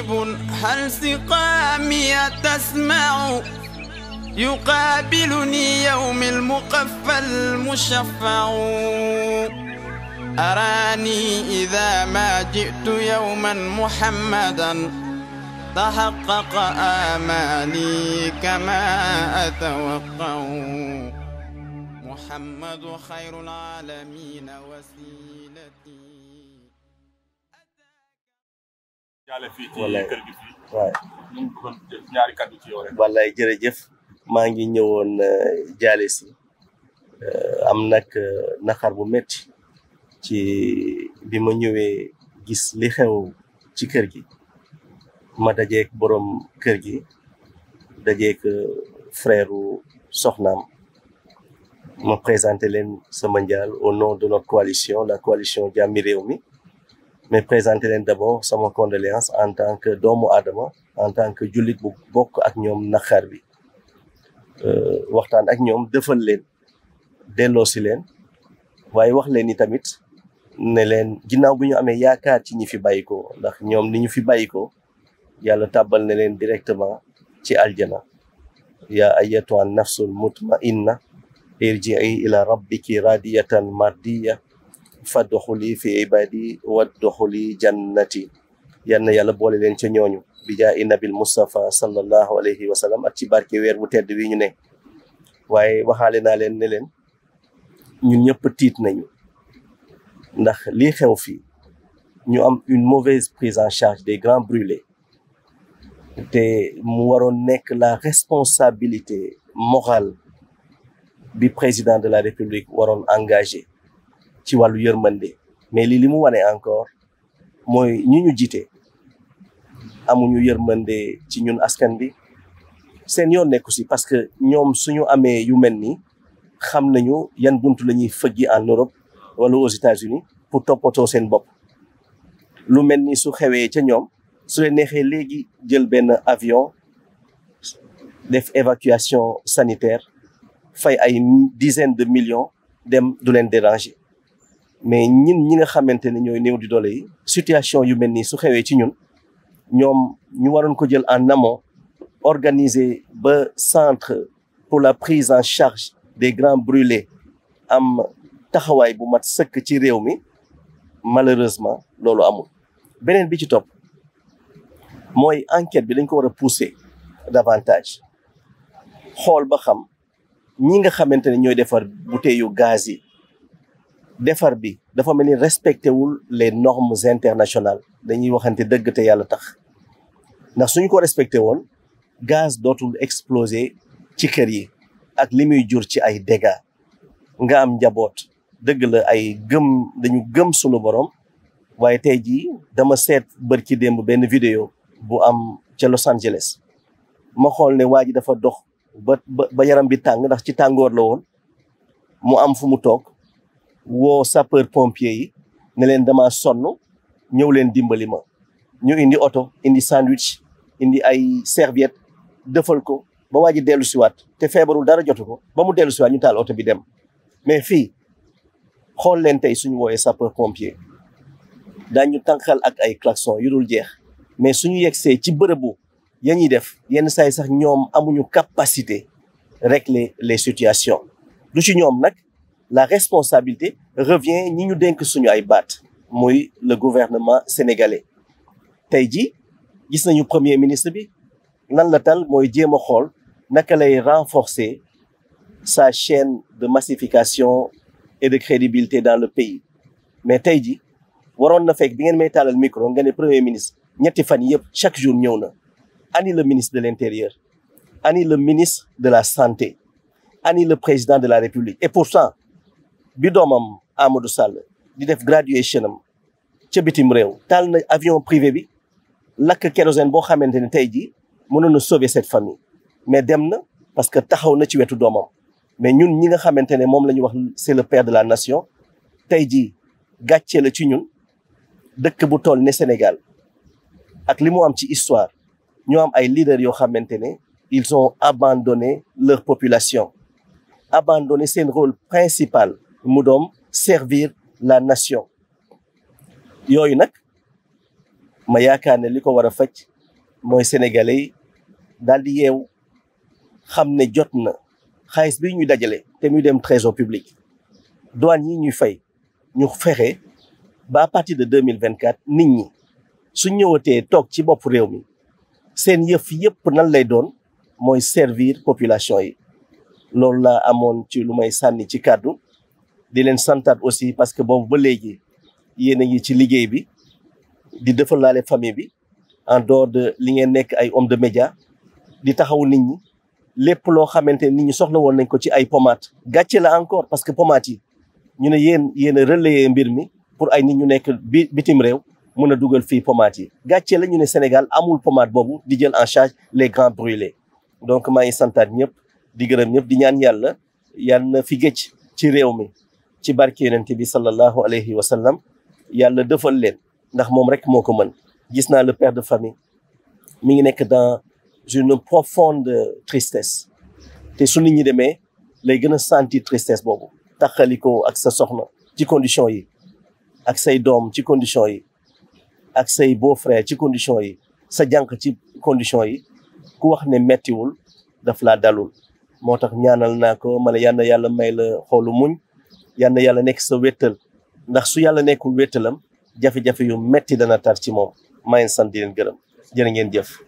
غريب هل سقامي تسمع يقابلني يوم المقفى المشفع أراني إذا ما جئت يوما محمدا تحقق آمالي كما أتوقع محمد خير العالمين وسيم jaale fii ci jërëjëf maa ngi ñëwoon euh, jaale si euh, am nag euh, naxar bu metti ci bi ma ñëwee gis li xew ci kër gi ma dajeek borom kër gi dajeek frère soxnaam ma présenté leen sama njaal au nom de notre coalition la coalition Jàmmi Réew mi mais présenté leen d'abord sama condoléance en tant que doomu aadama en tant que jullit bu bokk ak ñoom naqar bi euh, waxtaan ak ñoom defal leen delloo si leen waaye wax leen ni tamit ne leen ginnaaw bu ñu amee yaakaar ci ñi fi bàyyikoo ndax ñoom ni ñu fi bàyyikoo yàlla tàbbal na leen directement ci aljana yaa ayatuha nafsul mutmainna irji'i ila rabbiki radiyatan mardiya fa fadduxuli fi ibadi wadduxuli jannati yal na yàlla boole leen ca ñooñu bi jaayi nabil Mustafa sallallahu alayhi wa sallam ak ci barke weer bu tedd wi ñu ne waaye waxaale naa leen ne leen ñun ñëpp tiit nañu ndax li xew fii ñu am une mauvaise prise en charge des grands brûlés te mu waroon nekk la responsabilité morale bi président de la République waroon engagé ci wàllu yërmande mais lii li mu wane encore mooy ñi ñu jiite amuñu yërmande ci ñun askan bi seen yoon nekku si parce que ñoom suñu amee yu mel nii xam nañu yan bunt la ñuy fëggi en Europe wala aux États-Unis pour toppatoo seen bopp lu mel ni su xewee ca ñoom su leen neexee léegi jël benn avion def évacuation sanitaire fay ay dizaine de millions dem du leen déranger mais ñun ñi nga xamante ne ñooy néew di doole situation yu mel nii su xewee ci ñun ñoom ñu waroon ko jël en amont organiser ba centre pour la prise en charge des grands brûlés am taxawaay bu mat sëkk ci réew mi malheureusement loolu amul beneen bi ci topp mooy enquête bi dañ ko war a pousser davantage xool ba xam ñi nga xamante ne ñooy defar bouteille yu gaz yi defar bi dafa mel ni respecté wul les normes internationales dañuy waxante dëgg te yàlla tax ndax suñ ko respecté woon gaz dootul exploser ci kër yi ak li muy jur ci ay dégâts nga am njaboot dëgg la ay gëm dañu gëm sunu borom waaye tey jii dama seet bër ci démb benn vidéo bu am ca Los Angeles ma xool ne waa ji dafa dox ba ba yaram bi tàng ndax ci tàngoor la woon mu am fu mu toog woo sapeur pompier yi ne leen dama sonn ñëw leen dimbali ma ñu indi oto indi sandwich indi ay serviette defal ko ba waa ji dellu siwaat te feebarul dara jotu ko ba mu dellu siwaat ñu taal oto bi dem mais fii xool leen tey suñu wooyee sapeur pompier daañu tànqal ak ay klaxon yu dul jeex mais suñu yegsee ci bërëbu ya ñuy def yenn saay sax ñoom amuñu capacité régler les situations du ci ñoom nag la responsabilité revient ñi ñu dénk suñu ay baat muy le gouvernement sénégalais tey jii gis nañu premier ministre bi lan la tal mooy jéem a xool naka lay renforcer sa chaîne de massification et de crédibilité dans le pays mais tey jii waroon na fekk bi ngeen may taalal micro nga ne premier ministre ñetti fan yëpp chaque jour ñëw na ani le ministre de l'intérieur ani le ministre de la santé ani le président de la république et pour pourtant bi doomam Amadou Sall di def graduation am ca bitim réew taal na avion privé bi lakk kérosène boo xamante ne tey jii mënoon na sauver cette famille mais dem na parce que taxaw na ci wetu doomam mais ñun ñi nga xamante ne moom la ñu wax c'est le père de la nation tey jii gàcce la ci ñun dëkk bu toll ne Sénégal ak li mu am ci histoire ñoo am ay leaders yoo xamante ne ils ont abandonné leur population abandonné seen rôle principal mu doom servir la nation yooyu nag ma yaakaar ne li ko war a faj mooy sénégalais yi daal di yeew xam ne jot na xaalis bi ñuy dajale te muy dem trésor public douane yi ñuy fay ñu fexe ba à partir de mille vingt quatre nit ñi su ñëwatee toog ci bopp réew mi seen yëf yëpp nan lay doon mooy servir population yi loolu laa amoon ci lu may sànni ci kàddu di leen santaat aussi parce que boobu ba léegi yéen a ngi ci liggéey bi di defalaale famille bi en dehors de li ngeen nekk ay homme de média di taxaw nit ñi lépp loo xamante ni ñu soxla woon nañ ko ci ay pommades. gàcce la encore parce que pommades yi ñu ne yéen yéen a mbir mi pour ay nit ñu nekk bi bitim réew mën a dugal fii pommades yi gàcce la ñu ne Sénégal amul pommade boobu di jël en charge les grands brûlés donc maa ngi santaat ñëpp di gërëm ñëpp di ñaan yàlla yàlla na fi géej ci réew mi. ci barke yonent bi sallallahu alayhi wa sallam yàlla defal leen ndax moom rek moo ko mën gis naa le père de famille mi ngi nekk dans une profonde tristesse te su nit ñi demee lay gën a sentir tristesse boobu taxaliko ak sa soxna ci condition yi ak say doom ci condition yi ak say beau-frère ci condition yi sa jànq ci condition yi ku wax ne mettiwul daf laa dalul moo tax ñaanal naa ko ma yàlla yàlla may la xoolu muñ yal na yàlla nekk sa wéttal ndax su yàlla nekkul wéttalam jafe-jafe yu metti dana tar ci moom maa ngi sant di gërëm jërë ngeen jëf